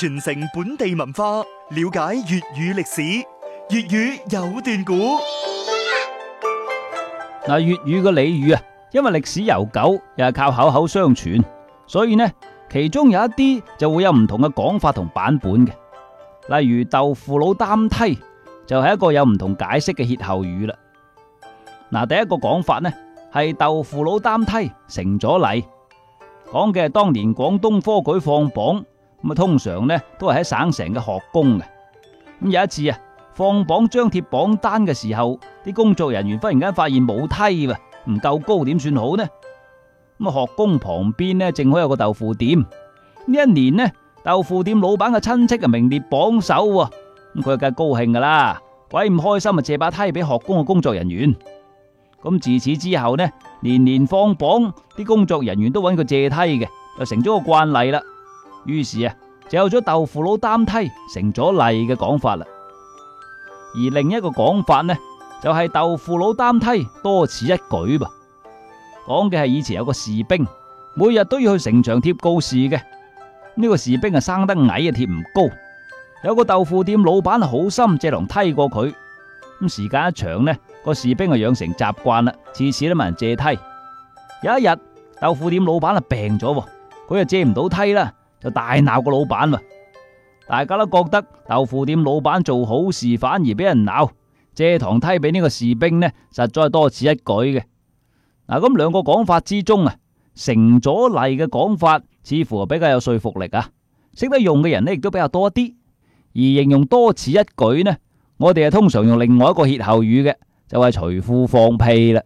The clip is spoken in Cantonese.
傳承本地文化，了解粵語歷史，粵語有段古。嗱，粵語個俚語啊，因為歷史悠久，又係靠口口相傳，所以呢，其中有一啲就會有唔同嘅講法同版本嘅。例如豆腐佬擔梯，就係一個有唔同解釋嘅歇後語啦。嗱，第一個講法呢，係豆腐佬擔梯成咗例，講嘅係當年廣東科舉放榜。咁啊，通常咧都係喺省城嘅學宮嘅。咁有一次啊，放榜張貼榜單嘅時候，啲工作人員忽然間發現冇梯，唔夠高點算好呢？咁啊，學宮旁邊咧正好有個豆腐店。呢一年咧，豆腐店老闆嘅親戚就名列榜首，咁佢梗係高興噶啦。鬼唔開心啊，借把梯俾學宮嘅工作人員。咁自此之後咧，年年放榜，啲工作人員都揾佢借梯嘅，就成咗個慣例啦。於是啊，就有咗豆腐佬擔梯成咗例嘅講法啦。而另一個講法呢，就係、是、豆腐佬擔梯多此一舉噃。講嘅係以前有個士兵，每日都要去城牆貼告示嘅。呢、這個士兵啊生得矮啊，貼唔高。有個豆腐店老闆好心借梁梯過佢。咁時間一長呢，那個士兵就養成習慣啦，次次都問人借梯。有一日，豆腐店老闆啊病咗，佢就借唔到梯啦。就大鬧個老闆啊。大家都覺得豆腐店老闆做好事反而俾人鬧，借堂梯俾呢個士兵呢，實在係多此一舉嘅。嗱、啊，咁兩個講法之中啊，成咗例嘅講法似乎係比較有說服力啊，識得用嘅人呢亦都比較多啲。而形容多此一舉呢，我哋係通常用另外一個歇後語嘅，就係除褲放屁啦。